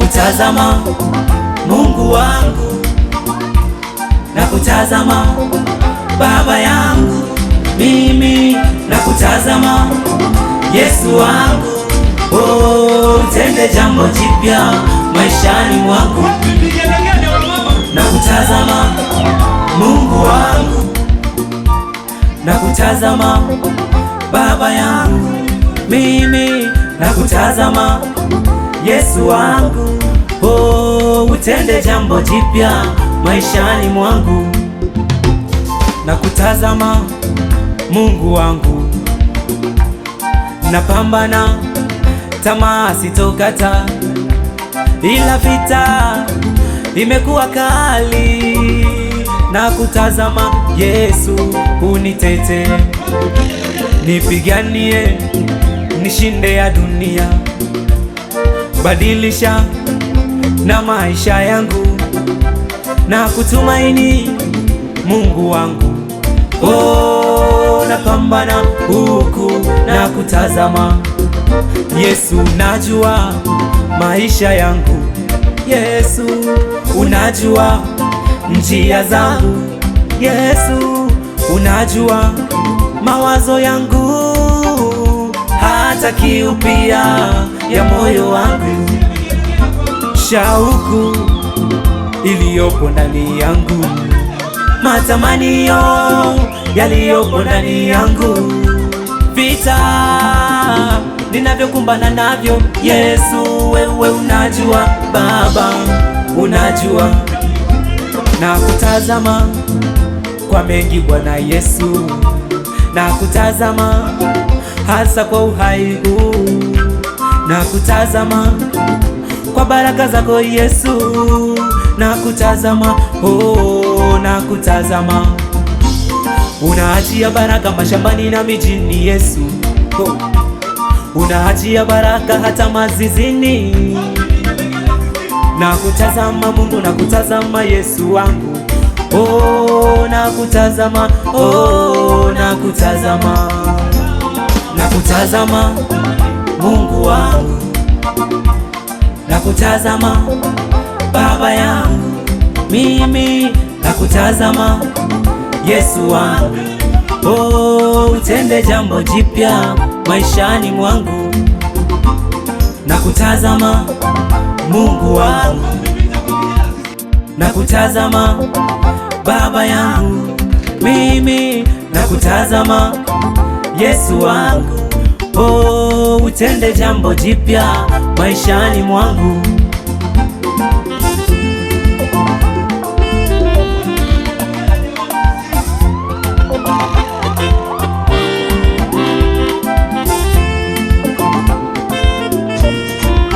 nakutazama Mungu wangu, nakutazama Baba yangu, mimi nakutazama Yesu wangu, oh, tende jambo jipya maishani mwangu, nakutazama Mungu wangu, nakutazama Baba yangu, mimi nakutazama Yesu wangu, oh, utende jambo jipya maishani mwangu na kutazama Mungu wangu, napambana tamaa sitokata, ila vita imekuwa kali, na kutazama Yesu unitete, nipiganie nishinde ya dunia badilisha na maisha yangu na kutumaini Mungu wangu. Oh, napambana huku na kutazama Yesu, unajua maisha yangu Yesu, unajua njia zangu Yesu, unajua mawazo yangu hata kiu pia ya moyo wangu, shauku iliyopo ndani yangu, matamanio yaliyopo ndani yangu, vita ninavyokumbana navyo. Yesu wewe unajua, Baba unajua, na kutazama kwa mengi Bwana Yesu, na kutazama hasa kwa uhai huu na kutazama kwa baraka zako Yesu, na kutazama oh, na kutazama unaachia baraka mashambani na mijini Yesu oh. Unaachia baraka hata mazizini na kutazama Mungu na kutazama Yesu wangu oh, na kutazama oh, na kutazama na kutazama Mungu wangu nakutazama, Baba yangu mimi nakutazama, Yesu wangu oh, utende jambo jipya maishani mwangu, nakutazama Mungu wangu nakutazama, Baba yangu mimi nakutazama, Yesu wangu oh, utende jambo jipya maishani mwangu